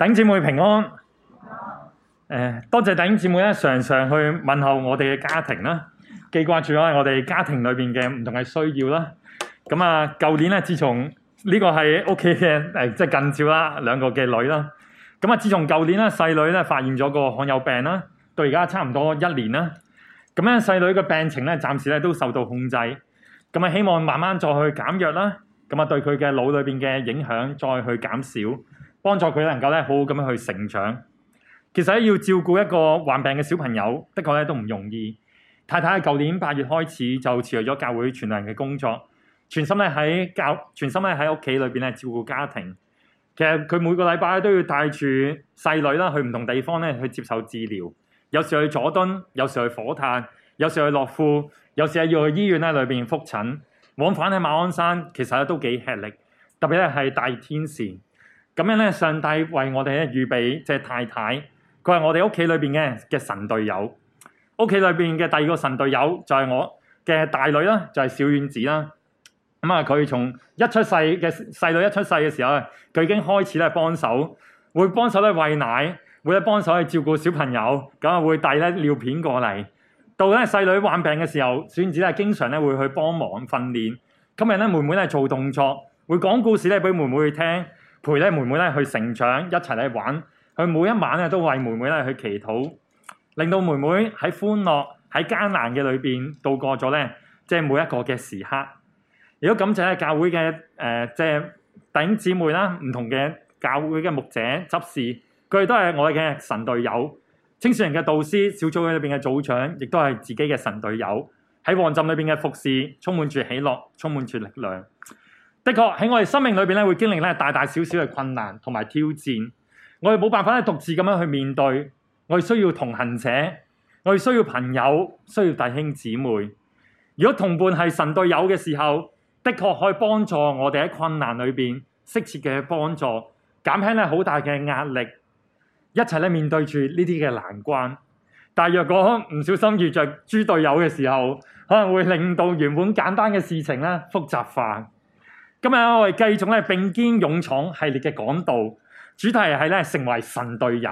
弟兄姊妹平安，誒多謝弟兄姊妹咧，常常去問候我哋嘅家庭啦，記掛住我哋家庭裏邊嘅唔同嘅需要啦。咁啊，舊年咧，自從呢個係屋企嘅誒，即係近照啦，兩個嘅女啦。咁啊，自從舊年咧，細女咧發現咗個罕有病啦，到而家差唔多一年啦。咁樣細女嘅病情咧，暫時咧都受到控制，咁啊，希望慢慢再去減弱啦，咁啊，對佢嘅腦裏邊嘅影響再去減少。幫助佢能夠咧好好咁樣去成長。其實要照顧一個患病嘅小朋友，的確咧都唔容易。太太喺舊年八月開始就辭去咗教會全人嘅工作，全心咧喺教，全心咧喺屋企裏邊咧照顧家庭。其實佢每個禮拜都要帶住細女啦去唔同地方咧去接受治療，有時去佐敦，有時去火炭，有時去樂富，有時啊要去醫院咧裏邊覆診。往返喺馬鞍山，其實咧都幾吃力，特別係大熱天時。咁樣咧，上帝為我哋咧預備即係太太，佢係我哋屋企裏邊嘅嘅神隊友。屋企裏邊嘅第二個神隊友就係我嘅大女啦，就係小丸子啦。咁啊，佢從一出世嘅細女一出世嘅時候啊，佢已經開始咧幫手，會幫手咧餵奶，會咧幫手去照顧小朋友，咁啊會帶咧尿片過嚟。到咧細女患病嘅時候，小丸子咧經常咧會去幫忙訓練。今日咧妹妹咧做動作，會講故事咧俾妹妹去聽。陪咧妹妹咧去成長，一齊咧玩。佢每一晚咧都為妹妹咧去祈禱，令到妹妹喺歡樂、喺艱難嘅裏邊度過咗咧，即係每一個嘅時刻。亦都感謝咧教會嘅誒，即、呃、係、就是、弟兄姊妹啦，唔同嘅教會嘅牧者執事，佢哋都係我哋嘅神隊友。青少年嘅導師、小組裏邊嘅組長，亦都係自己嘅神隊友。喺旺浸裏邊嘅服侍，充滿住喜樂，充滿住力量。的確喺我哋生命裏面咧，會經歷大大小小嘅困難同埋挑戰。我哋冇辦法咧獨自咁樣去面對，我哋需要同行者，我哋需要朋友，需要弟兄姊妹。如果同伴係神隊友嘅時候，的確可以幫助我哋喺困難裏面適切嘅幫助，減輕好大嘅壓力，一齊咧面對住呢啲嘅難關。但若果唔小心遇著豬隊友嘅時候，可能會令到原本簡單嘅事情咧複雜化。今日我哋繼續咧並肩勇闖系列嘅講道，主題係咧成為神隊友。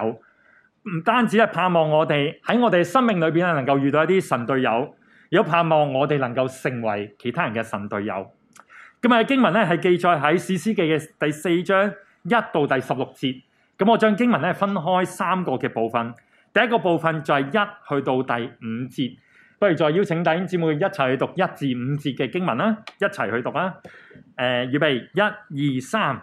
唔單止係盼望我哋喺我哋生命裏邊啊，能夠遇到一啲神隊友，亦都盼望我哋能夠成為其他人嘅神隊友。咁啊，今日經文咧係記載喺士師記嘅第四章一到第十六節。咁我將經文咧分開三個嘅部分，第一個部分就係一去到第五節。不如再邀請弟兄姊妹一齊去讀一至五節嘅經文啦，一齊去讀啦！誒，預備，一、二、三。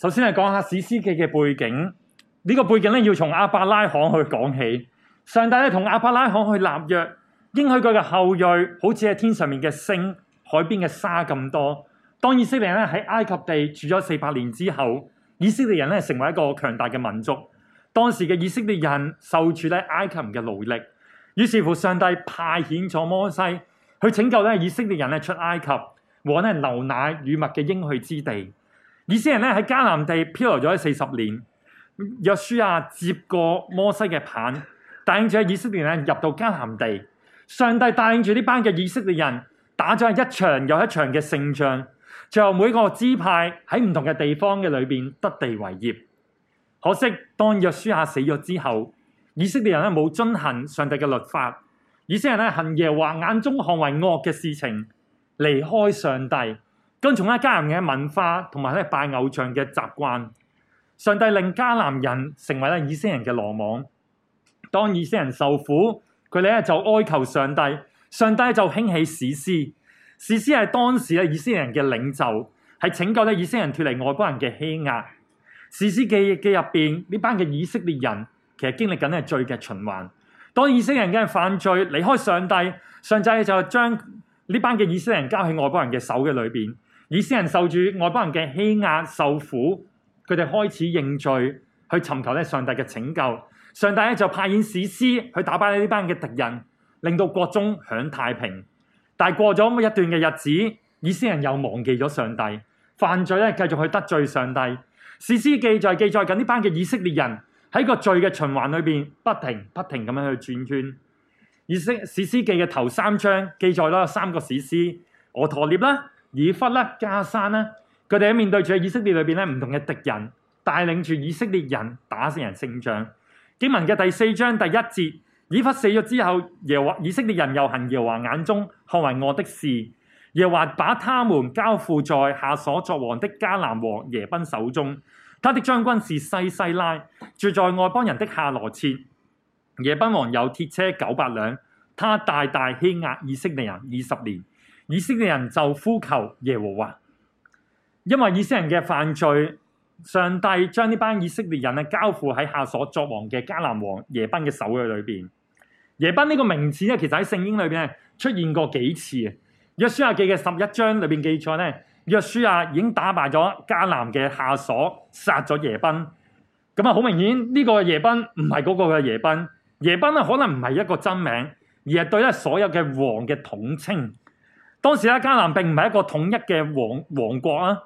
首先係講下《士師記》嘅背景，呢、這個背景咧要從亞伯拉罕去講起。上帝咧同亞伯拉罕去立約，應許佢嘅後裔好似係天上面嘅星、海邊嘅沙咁多。當以色列咧喺埃及地住咗四百年之後，以色列人咧成為一個強大嘅民族。當時嘅以色列人受處咧埃及人嘅奴役，於是乎上帝派遣咗摩西去拯救咧以色列人咧出埃及，往咧牛奶與蜜嘅應許之地。以色列人喺迦南地漂流咗四十年，約書亞接過摩西嘅棒，帶領住以色列人入到迦南地。上帝帶領住呢班嘅以色列人打咗一場又一場嘅勝仗，最後每個支派喺唔同嘅地方嘅裏面得地為業。可惜當約書亞死咗之後，以色列人咧冇遵行上帝嘅律法，以色列人行耶和華眼中看為惡嘅事情，離開上帝。跟從咗迦南嘅文化同埋咧拜偶像嘅習慣，上帝令迦南人成為咗以色列人嘅羅網。當以色列人受苦，佢哋就哀求上帝，上帝就興起士師。士師係當時咧以色列人嘅領袖，係拯救咗以色列人脫離外邦人嘅欺壓。士師記嘅嘅入邊，呢班嘅以色列人其實經歷緊咧罪嘅循環。當以色列人嘅犯罪離開上帝，上帝就將呢班嘅以色列人交喺外邦人嘅手嘅裏邊。以色列人受住外邦人嘅欺壓受苦，佢哋開始認罪，去尋求上帝嘅拯救。上帝就派遣士師去打敗呢班嘅敵人，令到國中享太平。但係過咗一段嘅日子，以色列人又忘記咗上帝，犯罪咧繼續去得罪上帝。士師記載記載緊呢班嘅以色列人喺個罪嘅循環裏面不停不停咁樣去轉圈。以色士師記嘅頭三章記載啦，三個士師，俄陀聶啦。以弗拉加山呢？佢哋喺面對住以色列裏邊呢，唔同嘅敵人，帶領住以色列人打死人勝仗。經文嘅第四章第一節，以弗死咗之後，耶以色列人又行耶華眼中看為惡的事。耶華把他們交付在下所作王的迦南王耶賓手中，他的將軍是西西拉，住在外邦人的夏羅切。耶賓王有鐵車九百輛，他大大欺壓以色列人二十年。以色列人就呼求耶和華，因為以色列人嘅犯罪，上帝將呢班以色列人咧交付喺夏瑣作王嘅迦南王耶賓嘅手嘅裏邊。耶賓呢個名字其實喺聖經裏面出現過幾次嘅。約書亞記嘅十一章裏面記載呢，約書亞已經打敗咗迦南嘅夏瑣，殺咗耶賓。咁啊，好明顯呢、這個耶賓唔係嗰個嘅耶賓，耶賓咧可能唔係一個真名，而係對所有嘅王嘅統稱。當時咧，迦南並唔係一個統一嘅王王國啊。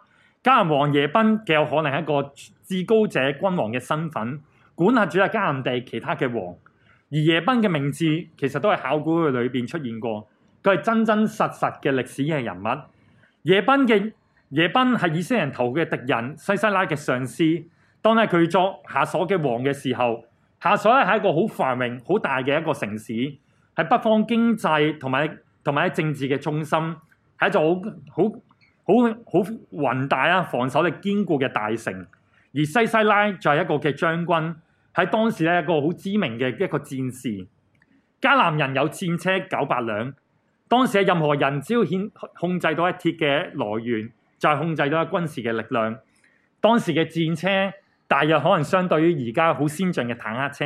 迦南王耶賓，極有可能係一個至高者君王嘅身份，管轄住啊迦南地其他嘅王。而耶賓嘅名字其實都係考古嘅裏邊出現過，佢係真真實實嘅歷史嘅人物。耶賓嘅耶賓係以色列人頭嘅敵人西西拉嘅上司。當係佢作夏瑣嘅王嘅時候，夏瑣咧係一個好繁榮、好大嘅一個城市，喺北方經濟同埋同埋政治嘅中心，係一座好好好好宏大、啊防守力堅固嘅大城。而西西拉就係一個嘅將軍，喺當時咧一個好知名嘅一個戰士。迦南人有戰車九百輛，當時喺任何人只要牽控制到一鐵嘅來源，就係控制到一軍事嘅力量。當時嘅戰車大約可能相對於而家好先進嘅坦克車，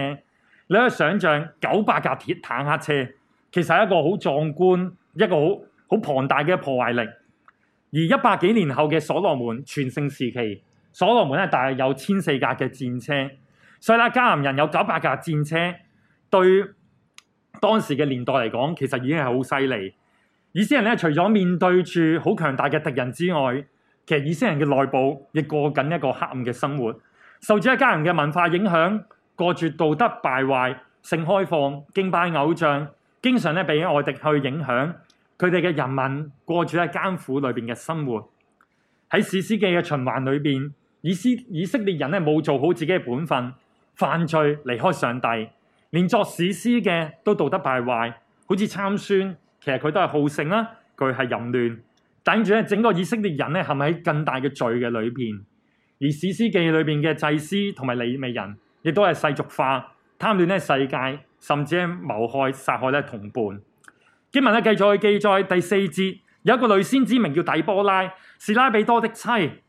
你可以想象九百架鐵坦克車。其實係一個好壯觀、一個好好龐大嘅破壞力。而一百幾年後嘅所羅門全盛時期，所羅門咧，大約有千四架嘅戰車，所以呢，迦南人有九百架戰車，對當時嘅年代嚟講，其實已經係好犀利。以色列人除咗面對住好強大嘅敵人之外，其實以色列人嘅內部亦過緊一個黑暗嘅生活，受住迦南嘅文化影響，過住道德敗壞、性開放、敬拜偶像。經常咧被外敵去影響，佢哋嘅人民過住喺艱苦裏面嘅生活。喺士師記嘅循環裏邊，以斯以色列人咧冇做好自己嘅本分，犯罪離開上帝，連作士師嘅都道德敗壞，好似參孫，其實佢都係好勝啦，佢係淫亂。等住整個以色列人咧陷喺更大嘅罪嘅裏邊。而士師記裏面嘅祭司同埋利未人，亦都係世俗化、貪戀咧世界。甚至係謀害殺害咧同伴。經文咧記載，記載第四節，有一個女先知名叫底波拉，是拉比多的妻，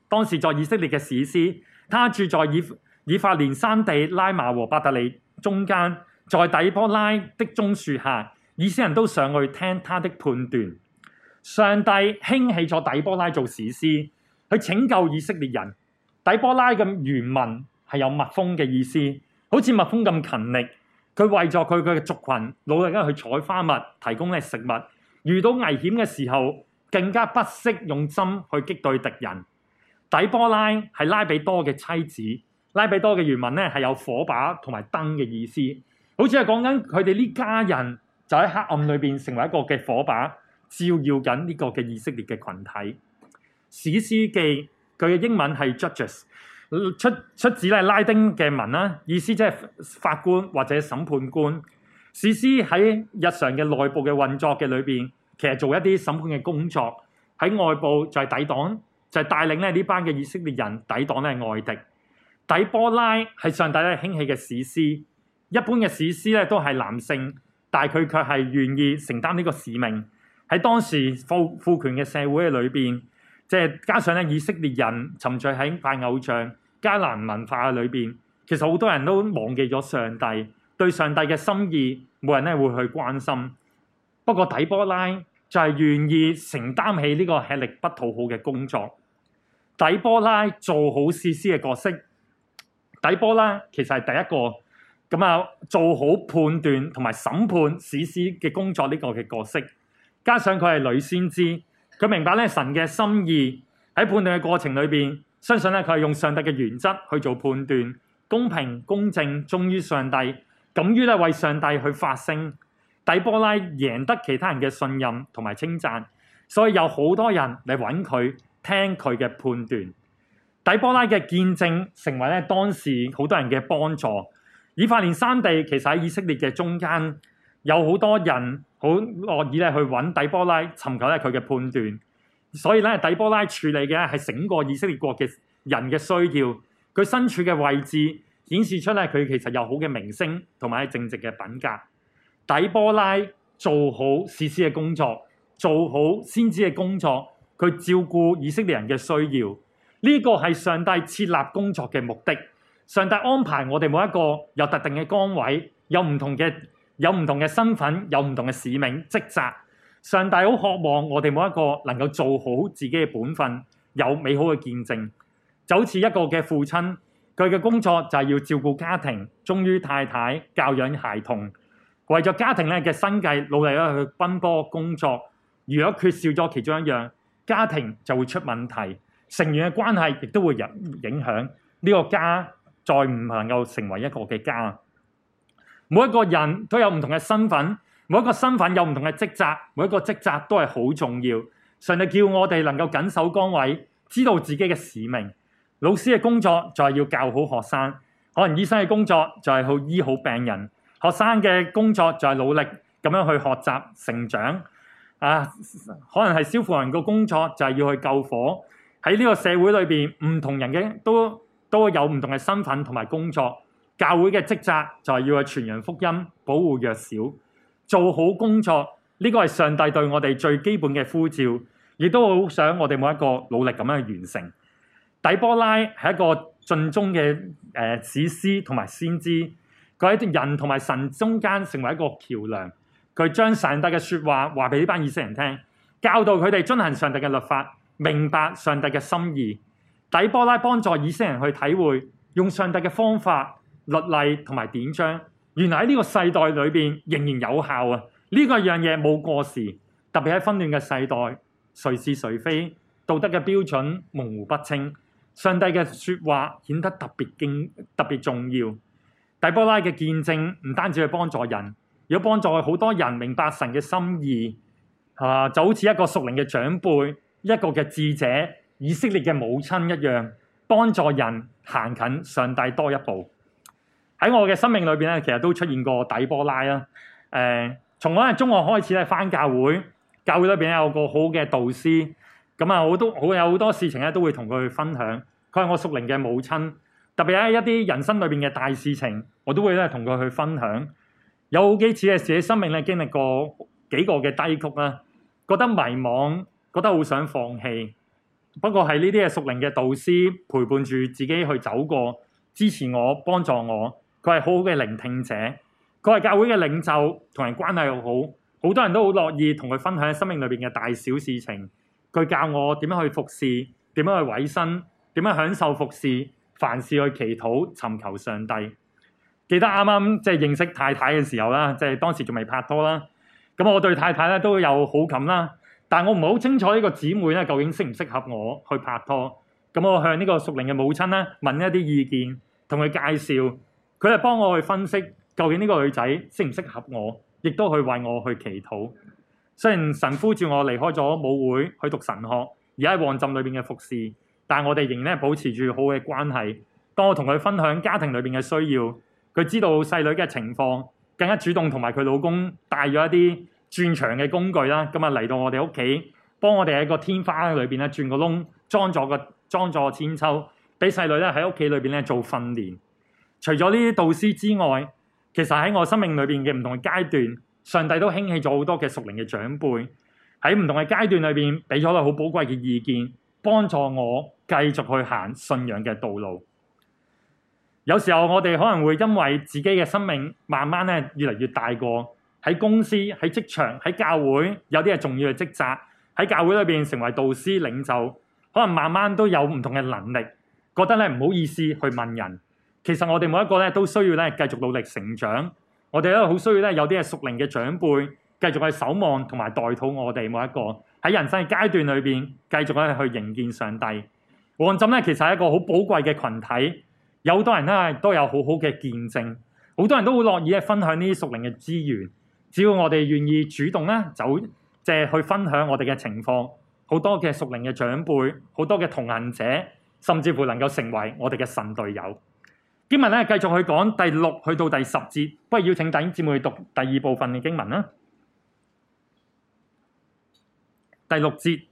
當時在以色列嘅士師，她住在以以法蓮山地拉馬和伯特利中間，在底波拉的棕樹下，以色列人都上去聽她的判斷。上帝興起咗底波拉做士師，去拯救以色列人。底波拉嘅原文係有蜜蜂嘅意思，好似蜜蜂咁勤力。佢為咗佢嘅族群努力咁去採花蜜，提供咧食物。遇到危險嘅時候，更加不惜用針去擊退敵人。底波拉係拉比多嘅妻子，拉比多嘅原文咧係有火把同埋燈嘅意思，好似係講緊佢哋呢家人就喺黑暗裏邊成為一個嘅火把，照耀緊呢個嘅以色列嘅群體。士師記佢嘅英文係 Judges。出出自拉丁嘅文啦，意思即係法官或者審判官。士師喺日常嘅內部嘅運作嘅裏邊，其實做一啲審判嘅工作；喺外部就係抵擋，就係、是、帶領咧呢班嘅以色列人抵擋咧外敵。底波拉係上帝咧興起嘅士師，一般嘅士師咧都係男性，但係佢卻係願意承擔呢個使命喺當時父父權嘅社會嘅裏邊。即係加上咧，以色列人沉醉喺拜偶像迦南文化裏邊，其實好多人都忘記咗上帝，對上帝嘅心意，冇人咧會去關心。不過底波拉就係願意承擔起呢個吃力不討好嘅工作。底波拉做好士師嘅角色，底波拉其實係第一個咁啊，做好判斷同埋審判士師嘅工作呢個嘅角色。加上佢係女先知。佢明白咧神嘅心意喺判斷嘅過程裏邊，相信咧佢係用上帝嘅原則去做判斷，公平公正，忠於上帝，敢於咧為上帝去發聲。底波拉贏得其他人嘅信任同埋稱讚，所以有好多人嚟揾佢，聽佢嘅判斷。底波拉嘅見證成為咧當時好多人嘅幫助。以法蓮山地其實喺以色列嘅中間。有好多人好樂意咧去揾底波拉，尋求咧佢嘅判斷。所以咧，底波拉處理嘅係整個以色列國嘅人嘅需要，佢身處嘅位置，顯示出咧佢其實有好嘅名聲同埋正直嘅品格。底波拉做好士師嘅工作，做好先知嘅工作，佢照顧以色列人嘅需要。呢個係上帝設立工作嘅目的。上帝安排我哋每一個有特定嘅崗位，有唔同嘅。有不同的身份，有不同的使命、職責。上帝好渴望，我們每一個能夠做好自己的本分，有美好的見證。就好似一個的父親，佢的工作就是要照顧家庭，忠於太太，教養孩童。為了家庭的生計，努力去奔波工作。如果缺少咗其中一樣，家庭就會出問題，成員的關係亦都會影響，這個家再不能夠成為一個嘅家。每一個人都有唔同嘅身份，每一個身份有唔同嘅職責，每一個職責都係好重要。上帝叫我哋能夠緊守崗位，知道自己嘅使命。老師嘅工作就係要教好學生，可能醫生嘅工作就係好醫好病人，學生嘅工作就係努力咁樣去學習成長。啊，可能係消防員嘅工作就係要去救火。喺呢個社會裏邊，唔同人嘅都都有唔同嘅身份同埋工作。教會嘅職責就係要傳揚福音，保護弱小，做好工作。呢、這個係上帝對我哋最基本嘅呼召，亦都好想我哋每一個努力咁樣去完成。底波拉係一個盡忠嘅誒，士師同埋先知，佢喺人同埋神中間成為一個橋樑。佢將上帝嘅說話話俾呢班以色列人聽，教導佢哋遵行上帝嘅律法，明白上帝嘅心意。底波拉幫助以色列人去體會用上帝嘅方法。律例同埋典章，原來喺呢個世代裏邊仍然有效啊！呢個一樣嘢冇過時，特別喺紛亂嘅世代，誰是誰非，道德嘅標準模糊不清，上帝嘅説話顯得特別經特別重要。底波拉嘅見證唔單止係幫助人，如果幫助好多人明白神嘅心意，啊就好似一個屬靈嘅長輩，一個嘅智者，以色列嘅母親一樣，幫助人行近上帝多一步。喺我嘅生命裏邊咧，其實都出現過底波拉啦、啊。誒、呃，從我喺中學開始咧，返教會，教會裏邊有個好嘅導師，咁啊，我都好有好多事情咧都會同佢去分享。佢係我屬靈嘅母親，特別係一啲人生裏邊嘅大事情，我都會咧同佢去分享。有好幾次嘅自己生命咧經歷過幾個嘅低谷啦，覺得迷茫，覺得好想放棄。不過係呢啲嘅屬靈嘅導師陪伴住自己去走過，支持我，幫助我。佢係好好嘅聆聽者，佢係教會嘅領袖，同人關係又好，好多人都好樂意同佢分享生命裏邊嘅大小事情。佢教我點樣去服侍，點樣去委身，點樣享受服侍，凡事去祈禱尋求上帝。記得啱啱即係認識太太嘅時候啦，即係當時仲未拍拖啦。咁我對太太咧都有好感啦，但我唔係好清楚呢個姊妹咧究竟適唔適合我去拍拖。咁我向呢個屬靈嘅母親咧問一啲意見，同佢介紹。佢係幫我去分析究竟呢個女仔適唔適合我，亦都去為我去祈禱。雖然神呼召我離開咗母會去讀神學，而喺旺浸裏邊嘅服侍，但係我哋仍然咧保持住好嘅關係。當我同佢分享家庭裏邊嘅需要，佢知道細女嘅情況，更加主動同埋佢老公帶咗一啲鑽牆嘅工具啦。咁啊嚟到我哋屋企，幫我哋喺個天花裏邊咧鑽個窿，裝咗個裝咗韆鞦，俾細女咧喺屋企裏邊咧做訓練。除咗呢啲導師之外，其實喺我生命裏邊嘅唔同階段，上帝都興起咗好多嘅熟齡嘅長輩喺唔同嘅階段裏邊畀咗個好寶貴嘅意見，幫助我繼續去行信仰嘅道路。有時候我哋可能會因為自己嘅生命慢慢咧越嚟越大個喺公司喺職場喺教會有啲係重要嘅職責喺教會裏邊成為導師領袖，可能慢慢都有唔同嘅能力，覺得咧唔好意思去問人。其實我哋每一個咧都需要咧繼續努力成長。我哋都好需要咧有啲係熟齡嘅長輩繼續去守望同埋代禱，我哋每一個喺人生階段裏邊繼續去迎見上帝。旺浸咧其實係一個好寶貴嘅群體，有好多人咧都有好好嘅見證，好多人都會樂意咧分享呢啲熟齡嘅資源。只要我哋願意主動咧走，即係去分享我哋嘅情況，好多嘅熟齡嘅長輩，好多嘅同行者，甚至乎能夠成為我哋嘅神隊友。經文呢繼續去講第六去到第十節，不過要請弟兄姊妹去讀第二部分嘅經文啦。第六節。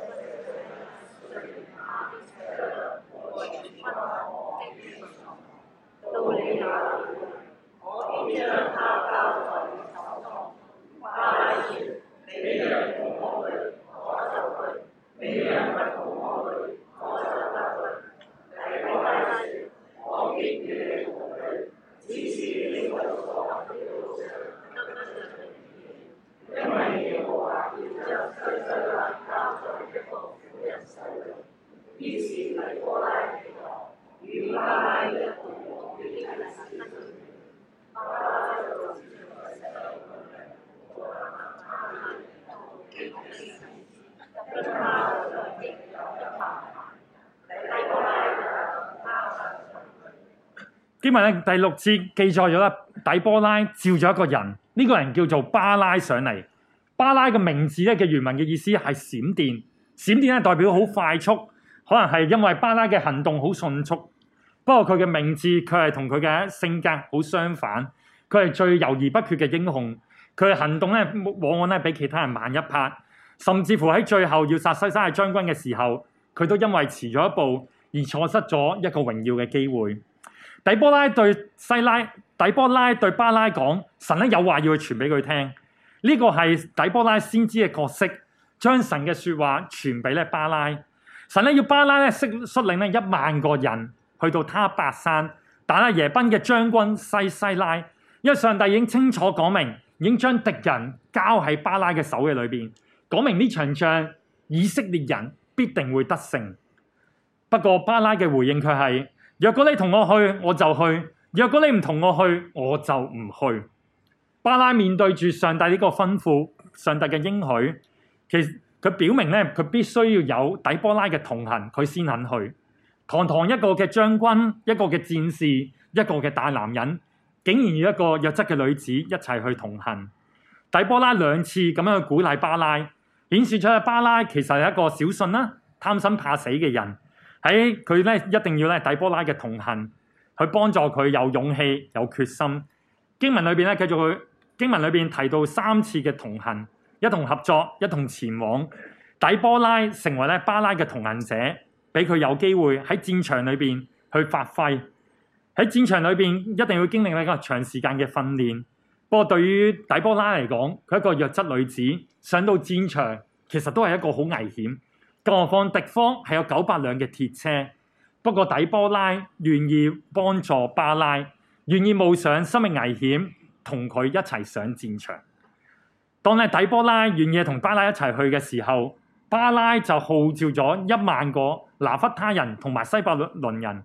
因為第六節記載咗啦，底波拉召咗一個人，呢、這個人叫做巴拉上嚟。巴拉嘅名字咧，嘅原文嘅意思係閃電，閃電咧代表好快速，可能係因為巴拉嘅行動好迅速。不過佢嘅名字佢係同佢嘅性格好相反，佢係最猶豫不決嘅英雄，佢嘅行動咧往往咧比其他人慢一拍，甚至乎喺最後要殺西西拉嘅將軍嘅時候，佢都因為遲咗一步而錯失咗一個榮耀嘅機會。底波拉對西拉，底波拉對巴拉講，神有話要去傳俾佢聽，呢、這個係底波拉先知嘅角色，將神嘅說話傳俾咧巴拉。神要巴拉咧率率領一萬個人去到他伯山打贏耶賓嘅將軍西西拉，因為上帝已經清楚講明，已經將敵人交喺巴拉嘅手嘅裏邊，講明呢場仗以色列人必定會得勝。不過巴拉嘅回應佢係。若果你同我去，我就去；若果你唔同我去，我就唔去。巴拉面對住上帝呢個吩咐，上帝嘅應許，其實佢表明呢，佢必須要有底波拉嘅同行，佢先肯去。堂堂一個嘅將軍，一個嘅戰士，一個嘅大男人，竟然要一個弱質嘅女子一齊去同行。底波拉兩次咁樣去鼓勵巴拉，顯示出巴拉其實係一個小信啦、貪生怕死嘅人。喺佢、欸、一定要咧底波拉嘅同行，去幫助佢有勇氣，有決心。經文裏面咧繼續去，經文裏面提到三次嘅同行，一同合作，一同前往。底波拉成為咧巴拉嘅同行者，俾佢有機會喺戰場裏面去發揮。喺戰場裏面一定要經歷咧一個長時間嘅訓練。不過對於底波拉嚟講，佢一個弱質女子上到戰場，其實都係一個好危險。更何況敵方係有九百輛嘅鐵車，不過底波拉願意幫助巴拉，願意冒上生命危險同佢一齊上戰場。當呢底波拉願意同巴拉一齊去嘅時候，巴拉就號召咗一萬個拿弗他人同埋西伯倫人。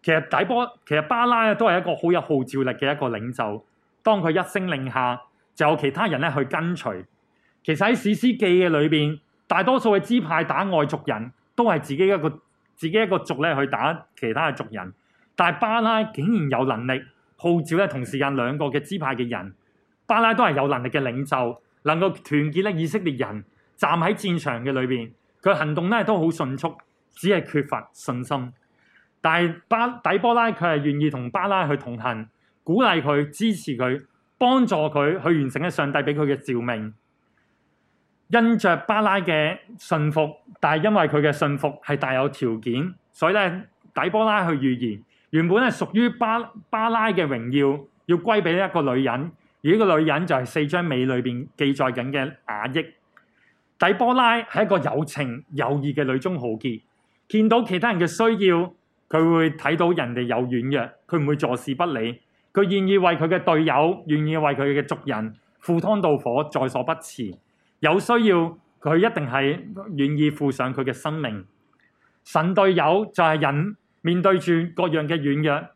其實底波其實巴拉都係一個好有號召力嘅一個領袖。當佢一聲令下，就有其他人咧去跟隨。其實喺士師記嘅裏邊。大多數嘅支派打外族人，都係自己一個自己一個族咧去打其他嘅族人。但係巴拉竟然有能力號召咧同時間兩個嘅支派嘅人，巴拉都係有能力嘅領袖，能夠團結咧以色列人站喺戰場嘅裏邊，佢行動咧都好迅速，只係缺乏信心。但係巴底波拉佢係願意同巴拉去同行，鼓勵佢、支持佢、幫助佢去完成上帝俾佢嘅召命。因着巴拉嘅信服，但係因為佢嘅信服係帶有條件，所以咧底波拉去預言，原本係屬於巴巴拉嘅榮耀要歸畀一個女人，而呢個女人就係四章尾裏邊記載緊嘅雅億。底波拉係一個有情有義嘅女中豪傑，見到其他人嘅需要，佢會睇到人哋有軟弱，佢唔會坐視不理，佢願意為佢嘅隊友，願意為佢嘅族人赴湯蹈火，在所不辭。有需要，佢一定係願意付上佢嘅生命。神隊友就係人面對住各樣嘅軟弱，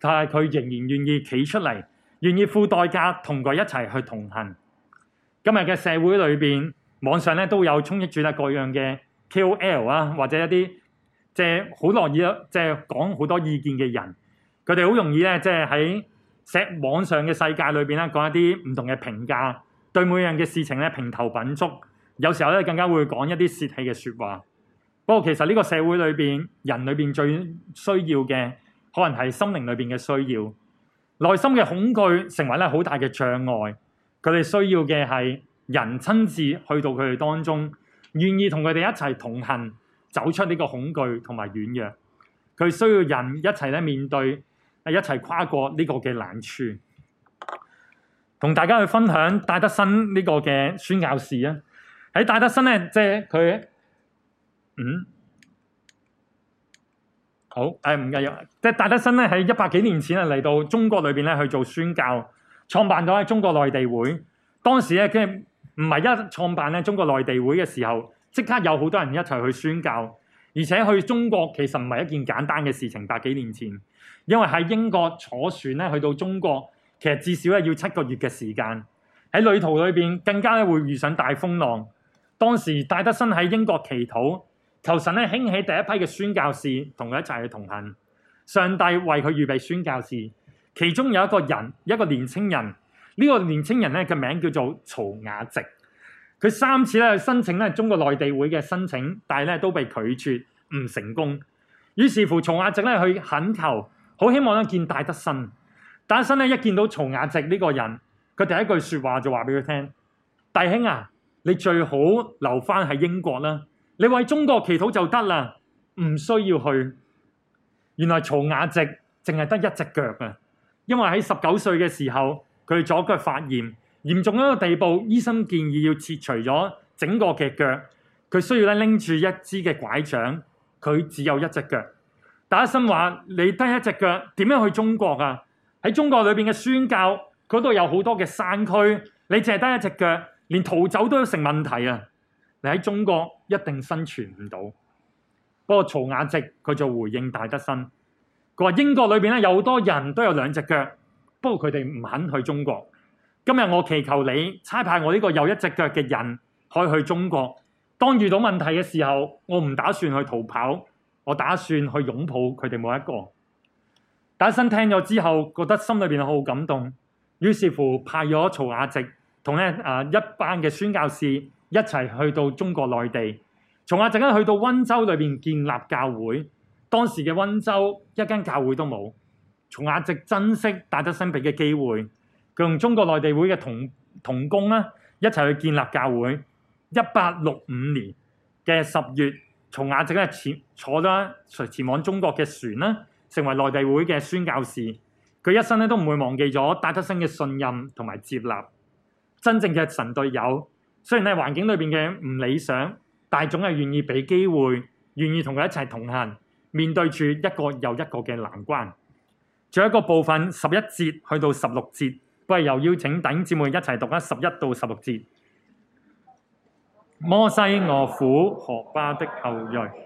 但係佢仍然願意企出嚟，願意付代價同佢一齊去同行。今日嘅社會裏邊，網上咧都有充斥住啦各樣嘅 KOL 啊，或者一啲即係好樂意即係講好多意見嘅人，佢哋好容易咧即係喺寫網上嘅世界裏邊咧講一啲唔同嘅評價。對每樣嘅事情咧，評頭品足，有時候咧更加會講一啲洩氣嘅說話。不過其實呢個社會裏邊，人裏邊最需要嘅，可能係心靈裏邊嘅需要，內心嘅恐懼成為咗好大嘅障礙。佢哋需要嘅係人親自去到佢哋當中，願意同佢哋一齊同行，走出呢個恐懼同埋軟弱。佢需要人一齊咧面對，一齊跨過呢個嘅難處。同大家去分享戴德生呢個嘅宣教事啊！喺戴德生呢，即係佢嗯，好誒，唔緊要，即、哎、係、就是、戴德生咧喺一百幾年前啊嚟到中國裏邊咧去做宣教，創辦咗喺中國內地會。當時咧，即係唔係一創辦咧中國內地會嘅時候，即刻有好多人一齊去宣教，而且去中國其實唔係一件簡單嘅事情。百幾年前，因為喺英國坐船咧去到中國。其實至少咧要七個月嘅時間，喺旅途裏邊更加咧會遇上大風浪。當時戴德生喺英國祈禱，求神咧興起第一批嘅宣教士同佢一齊去同行。上帝為佢預備宣教士，其中有一個人，一個年青人。呢、這個年青人咧嘅名叫做曹雅直。佢三次咧申請咧中國內地會嘅申請，但係咧都被拒絕，唔成功。於是乎曹雅直咧去懇求，好希望咧見戴德生。達生一見到曹雅直呢個人，佢第一句說話就話俾佢聽，大兄啊，你最好留翻喺英國啦，你為中國祈禱就得啦，唔需要去。原來曹雅直淨係得一隻腳啊！因為喺十九歲嘅時候，佢左腳發炎，嚴重到一個地步，醫生建議要切除咗整個隻腳，佢需要拎住一支嘅拐杖，佢只有一隻腳。達生話，你得一隻腳，點樣去中國啊？喺中國裏邊嘅宣教，嗰度有好多嘅山區，你淨係得一隻腳，連逃走都成問題啊！你喺中國一定生存唔到。不過曹雅直佢就回應戴德生，佢話英國裏邊咧有好多人都有兩隻腳，不過佢哋唔肯去中國。今日我祈求你差派我呢個有一隻腳嘅人可以去中國。當遇到問題嘅時候，我唔打算去逃跑，我打算去擁抱佢哋每一個。戴德生聽咗之後，覺得心裏面好感動，於是乎派咗曹雅直同一班嘅宣教士一齊去到中國內地。曹雅直去到溫州裏面建立教會，當時嘅溫州一間教會都冇。曹雅直珍惜戴德生俾嘅機會，佢同中國內地會嘅同同工一齊去建立教會。一八六五年嘅十月，曹雅直坐咗前往中國嘅船成為內地會嘅宣教士，佢一生咧都唔會忘記咗戴德生嘅信任同埋接納，真正嘅神隊友。雖然咧環境裏邊嘅唔理想，但係總係願意俾機會，願意同佢一齊同行，面對住一個又一個嘅難關。仲有一個部分，十一節去到十六節，我哋又邀請弟兄姊妹一齊讀啦，十一到十六節。摩西，岳父、何巴的後裔。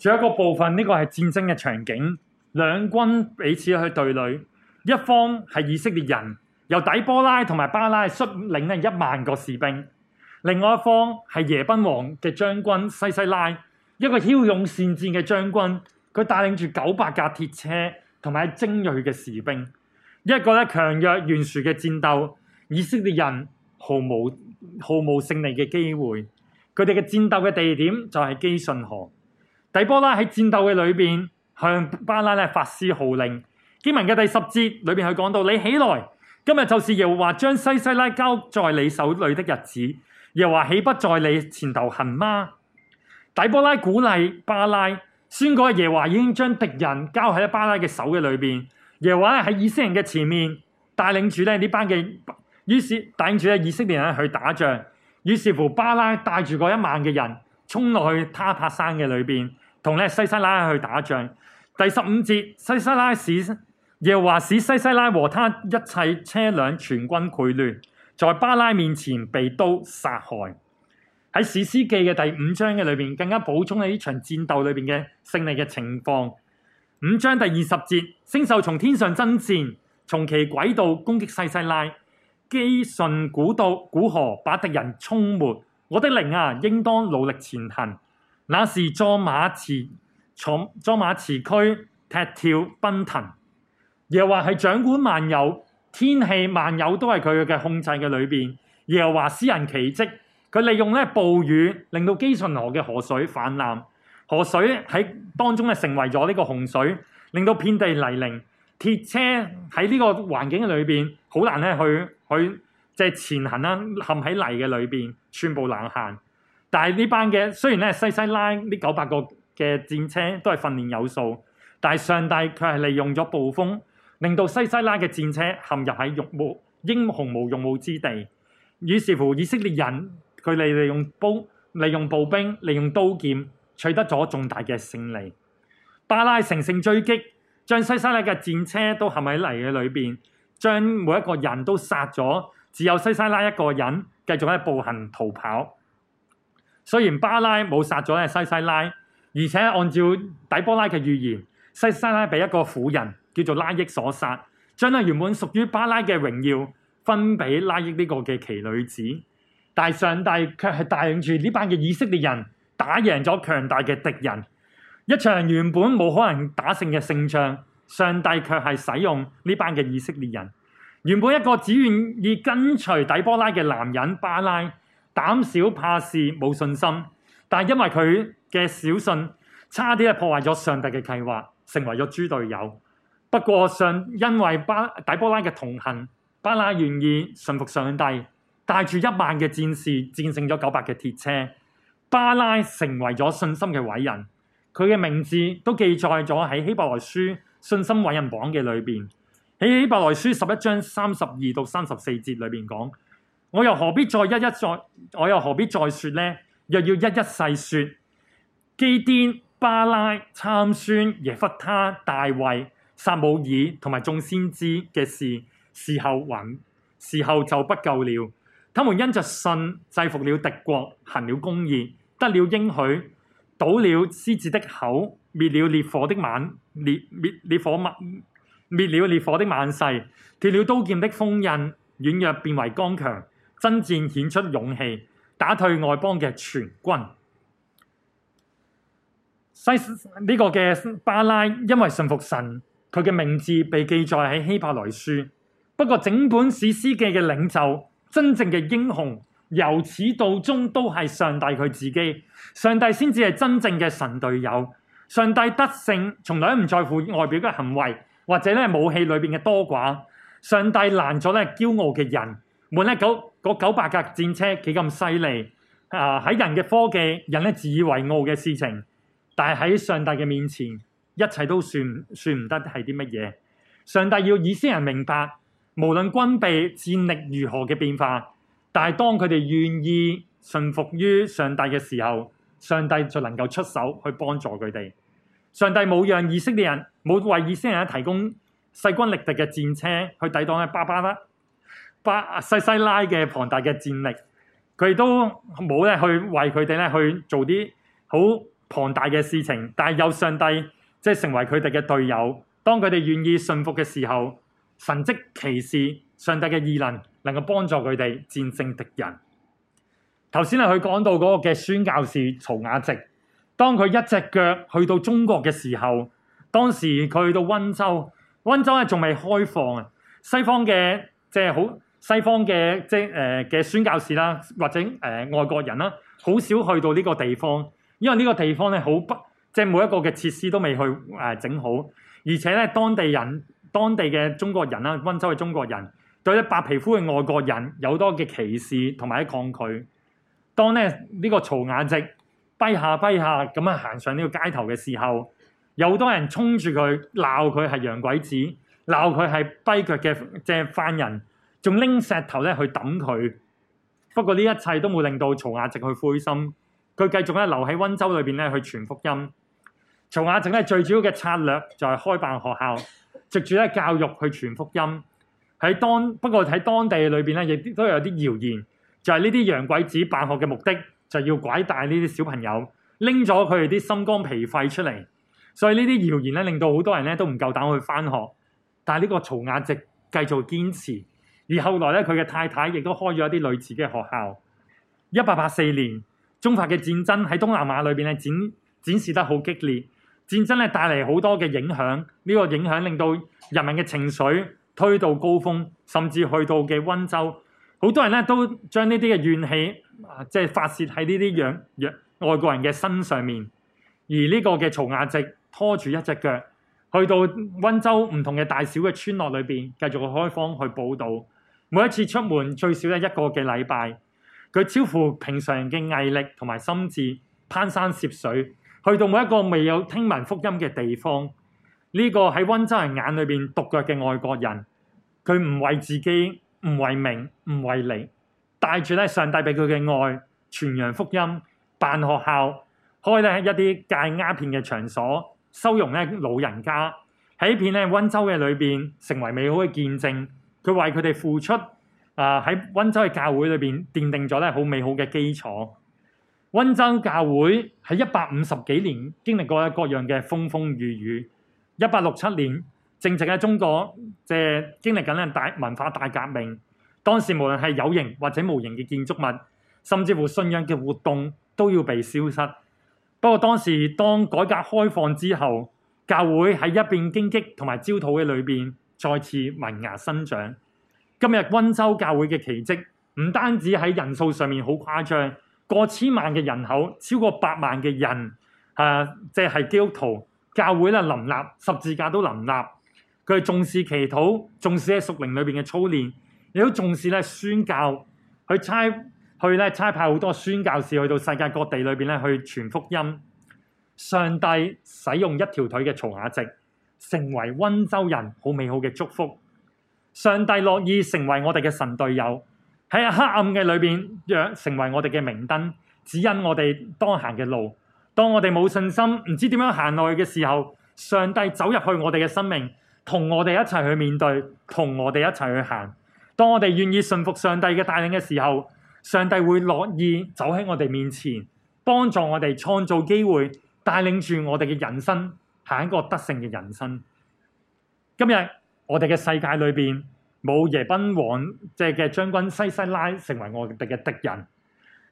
仲有一個部分，呢個係戰爭嘅場景，兩軍彼此去對壘，一方係以色列人，由底波拉同埋巴拉率領呢一萬個士兵；另外一方係耶賓王嘅將軍西西拉，一個驍勇善戰嘅將軍，佢帶領住九百架鐵車同埋精鋭嘅士兵，一個咧強弱懸殊嘅戰鬥，以色列人毫無毫無勝利嘅機會。佢哋嘅戰鬥嘅地點就係基信河。底波拉喺戰鬥嘅裏邊向巴拉咧發施號令，經文嘅第十節裏邊佢講到： 你起來，今日就是耶和華將西西拉交在你手裏的日子。耶和華豈不在你前頭行嗎？底波拉鼓勵巴拉，宣告耶和華已經將敵人交喺巴拉嘅手嘅裏邊。耶和華喺以色列人嘅前面帶領住咧呢班嘅，於是帶領住嘅以色列人去打仗。於是乎，巴拉帶住嗰一萬嘅人衝落去他泊山嘅裏邊。同咧西西拉去打仗。第十五節，西西拉使耶和華使西西拉和他一切車輛全軍潰亂，在巴拉面前被刀殺害。喺士師記嘅第五章嘅裏邊，更加補充喺呢場戰鬥裏邊嘅勝利嘅情況。五章第二十節，星宿從天上爭戰，從其軌道攻擊西西拉，基順古道古河把敵人沖沒。我的靈啊，應當努力前行。那是坐馬池坐坐馬池區踢跳奔騰，又話係掌管萬有，天氣萬有都係佢嘅控制嘅裏邊，又話私人奇蹟。佢利用呢暴雨，令到基順河嘅河水泛濫，河水喺當中咧成為咗呢個洪水，令到遍地泥濘。鐵車喺呢個環境裏邊好難咧去去即係、就是、前行啦，陷喺泥嘅裏邊寸步難行。但係呢班嘅雖然咧西西拉呢九百個嘅戰車都係訓練有素，但係上帝卻係利用咗暴風，令到西西拉嘅戰車陷入喺用無英雄無用武之地。於是乎以色列人佢哋利，利，利用步兵利用刀劍取得咗重大嘅勝利。巴拉乘勝追擊，將西西拉嘅戰車都陷喺泥嘅裏邊，將每一個人都殺咗，只有西西拉一個人繼續喺步行逃跑。雖然巴拉冇殺咗西西拉，而且按照底波拉嘅預言，西西拉被一個婦人叫做拉益所殺，將係原本屬於巴拉嘅榮耀分俾拉益呢個嘅奇女子。但係上帝卻係帶領住呢班嘅以色列人打贏咗強大嘅敵人，一場原本冇可能打勝嘅勝仗，上帝卻係使用呢班嘅以色列人。原本一個只願意跟隨底波拉嘅男人巴拉。膽小怕事、冇信心，但係因為佢嘅小信，差啲係破壞咗上帝嘅計劃，成為咗豬隊友。不過，信因為巴底波拉嘅同行，巴拉願意順服上帝，帶住一萬嘅戰士，戰勝咗九百嘅鐵車，巴拉成為咗信心嘅偉人。佢嘅名字都記載咗喺希伯來書信心偉人榜嘅裏邊。喺希伯來書十一章三十二到三十四節裏邊講。我又何必再一一再？我又何必再說呢？若要一一細說，基甸、巴拉、參孫、耶弗他、大衛、撒母耳同埋眾先知嘅事，事後還事後就不夠了。他們因着信制服了敵國，行了公義，得了應許，堵了獅子的口，滅了烈火的猛，烈滅烈火滅了烈火的猛勢，脫了刀劍的封印，軟弱變為剛強。真正顯出勇氣，打退外邦嘅全軍。西呢、這個嘅巴拉因為信服神，佢嘅名字被記載喺希伯來書。不過整本士師記嘅領袖，真正嘅英雄，由始到終都係上帝佢自己。上帝先至係真正嘅神隊友。上帝得勝，從來唔在乎外表嘅行為，或者咧武器裏邊嘅多寡。上帝難咗咧，驕傲嘅人，滿一九。個九百架戰車幾咁犀利，啊、呃、喺人嘅科技，人咧自以為傲嘅事情，但係喺上帝嘅面前，一切都算算唔得係啲乜嘢。上帝要以色列人明白，無論軍備戰力如何嘅變化，但係當佢哋願意順服於上帝嘅時候，上帝就能夠出手去幫助佢哋。上帝冇讓以色列人冇為以色列人提供勢均力敵嘅戰車去抵擋阿巴巴拉，巴西西拉嘅龐大嘅戰力，佢都冇咧去為佢哋咧去做啲好龐大嘅事情，但係有上帝即係成為佢哋嘅隊友。當佢哋願意信服嘅時候，神蹟奇事，上帝嘅異能能夠幫助佢哋戰勝敵人。頭先係佢講到嗰個嘅宣教士曹雅直，當佢一隻腳去到中國嘅時候，當時佢去到温州，温州咧仲未開放啊，西方嘅即係好。就是西方嘅即係嘅、呃、宣教士啦，或者誒、呃、外國人啦，好少去到呢個地方，因為呢個地方咧好不即係每一個嘅設施都未去誒、呃、整好，而且咧當地人、當地嘅中國人啦，温州嘅中國人對啲白皮膚嘅外國人有多嘅歧視同埋抗拒。當咧呢、這個曹雅直跛下跛下咁樣行上呢個街頭嘅時候，有好多人衝住佢鬧佢係洋鬼子，鬧佢係跛腳嘅即係犯人。仲拎石頭咧去揼佢，不過呢一切都冇令到曹雅直去灰心，佢繼續咧留喺温州裏邊咧去傳福音。曹雅直咧最主要嘅策略就係開辦學校，藉住咧教育去傳福音。喺當不過喺當地裏邊咧亦都有啲謠言，就係呢啲洋鬼子辦學嘅目的，就是、要拐帶呢啲小朋友，拎咗佢哋啲心肝脾肺出嚟。所以呢啲謠言咧令到好多人咧都唔夠膽去翻學，但係呢個曹雅直繼續堅持。而後來咧，佢嘅太太亦都開咗一啲類似嘅學校。一八八四年，中法嘅戰爭喺東南亞裏邊咧展展示得好激烈。戰爭咧帶嚟好多嘅影響，呢、這個影響令到人民嘅情緒推到高峰，甚至去到嘅温州，好多人咧都將呢啲嘅怨氣即係發泄喺呢啲外國人嘅身上面。而呢個嘅曹雅直拖住一隻腳，去到温州唔同嘅大小嘅村落裏邊，繼續開荒去報道。每一次出門最少咧一個幾禮拜，佢超乎平常人嘅毅力同埋心智，攀山涉水，去到每一個未有聽聞福音嘅地方。呢個喺溫州人眼裏邊獨腳嘅外國人，佢唔為自己，唔為名，唔為利，帶住咧上帝俾佢嘅愛，傳揚福音，辦學校，開咧一啲戒鴉片嘅場所，收容咧老人家喺片咧溫州嘅裏邊，成為美好嘅見證。佢為佢哋付出，啊、呃、喺温州嘅教會裏邊奠定咗咧好美好嘅基礎。温州教會喺一百五十幾年經歷過各樣嘅風風雨雨。一八六七年正值喺中國即係經歷緊大文化大革命，當時無論係有形或者無形嘅建築物，甚至乎信仰嘅活動都要被消失。不過當時當改革開放之後，教會喺一邊荊棘同埋焦土嘅裏邊。再次萌芽生長。今日温州教會嘅奇蹟唔單止喺人數上面好誇張，過千萬嘅人口，超過百萬嘅人，誒即係基督徒教會咧林立，十字架都林立。佢重視祈禱，重視喺屬靈裏邊嘅操練，亦都重視咧宣教。佢差去咧差派好多宣教士去到世界各地裏邊咧去傳福音。上帝使用一條腿嘅曹雅直。成為溫州人好美好嘅祝福，上帝樂意成為我哋嘅神隊友，喺黑暗嘅裏邊，讓成為我哋嘅明燈，指引我哋當行嘅路。當我哋冇信心，唔知點樣行落去嘅時候，上帝走入去我哋嘅生命，同我哋一齊去面對，同我哋一齊去行。當我哋願意信服上帝嘅帶領嘅時候，上帝會樂意走喺我哋面前，幫助我哋創造機會，帶領住我哋嘅人生。行一個得勝嘅人生。今日我哋嘅世界裏邊，冇耶賓王即係嘅將軍西西拉成為我哋嘅敵人。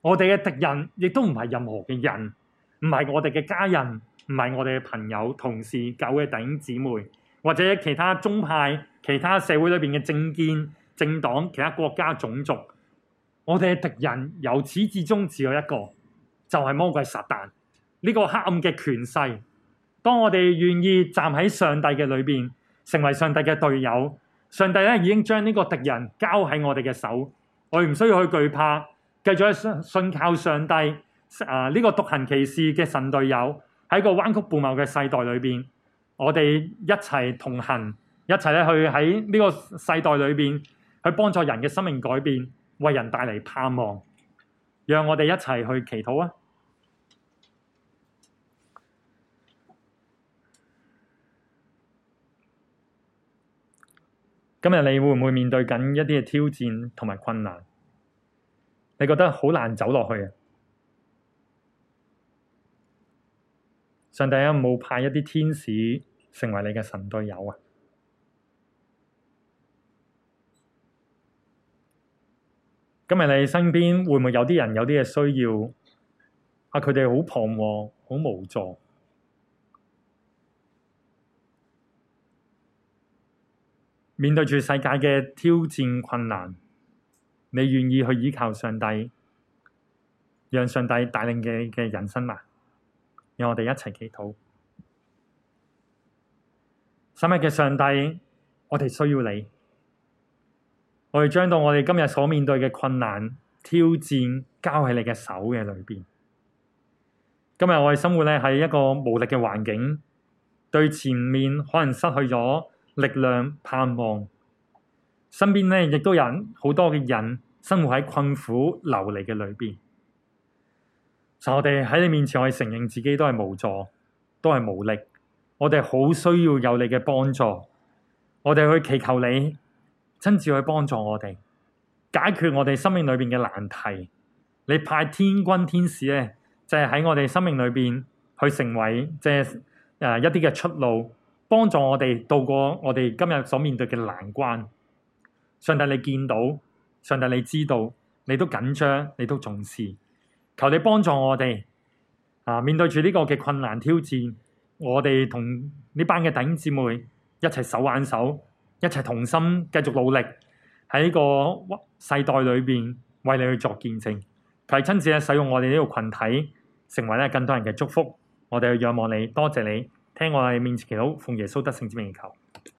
我哋嘅敵人亦都唔係任何嘅人，唔係我哋嘅家人，唔係我哋嘅朋友、同事、教會嘅弟兄姊妹，或者其他宗派、其他社會裏邊嘅政見、政黨、其他國家、種族。我哋嘅敵人由始至終只有一個，就係魔鬼撒旦。呢個黑暗嘅權勢。當我哋願意站喺上帝嘅裏邊，成為上帝嘅隊友，上帝咧已經將呢個敵人交喺我哋嘅手，我哋唔需要去懼怕，繼續去信靠上帝。啊、呃，呢、這個獨行其是嘅神隊友喺個彎曲悖謬嘅世代裏邊，我哋一齊同行，一齊咧去喺呢個世代裏邊去幫助人嘅生命改變，為人帶嚟盼望，讓我哋一齊去祈禱啊！今日你會唔會面對緊一啲嘅挑戰同埋困難？你覺得好難走落去啊？上帝有冇派一啲天使成為你嘅神隊友啊？今日你身邊會唔會有啲人有啲嘅需要？啊，佢哋好彷徨，好無助。面對住世界嘅挑戰困難，你願意去依靠上帝，讓上帝帶領你嘅人生嘛？讓我哋一齊祈禱。神蹟嘅上帝，我哋需要你。我哋將到我哋今日所面對嘅困難挑戰交喺你嘅手嘅裏面。今日我哋生活呢，喺一個無力嘅環境，對前面可能失去咗。力量盼望，身邊呢，亦都有好多嘅人生活喺困苦流離嘅裏邊。就我哋喺你面前，我哋承認自己都係無助，都係無力。我哋好需要有你嘅幫助，我哋去祈求你親自去幫助我哋，解決我哋生命裏邊嘅難題。你派天軍天使呢，就係喺我哋生命裏邊去成為即係誒一啲嘅出路。幫助我哋度過我哋今日所面對嘅難關，上帝你見到，上帝你知道，你都緊張，你都重視，求你幫助我哋啊！面對住呢個嘅困難挑戰，我哋同呢班嘅弟兄姊妹一齊手挽手，一齊同心繼續努力喺呢個世代裏邊為你去作見證，求你親自使用我哋呢個群體，成為更多人嘅祝福。我哋要仰望你，多謝你。聽我係面前祈禱，奉耶穌得勝之名祈求。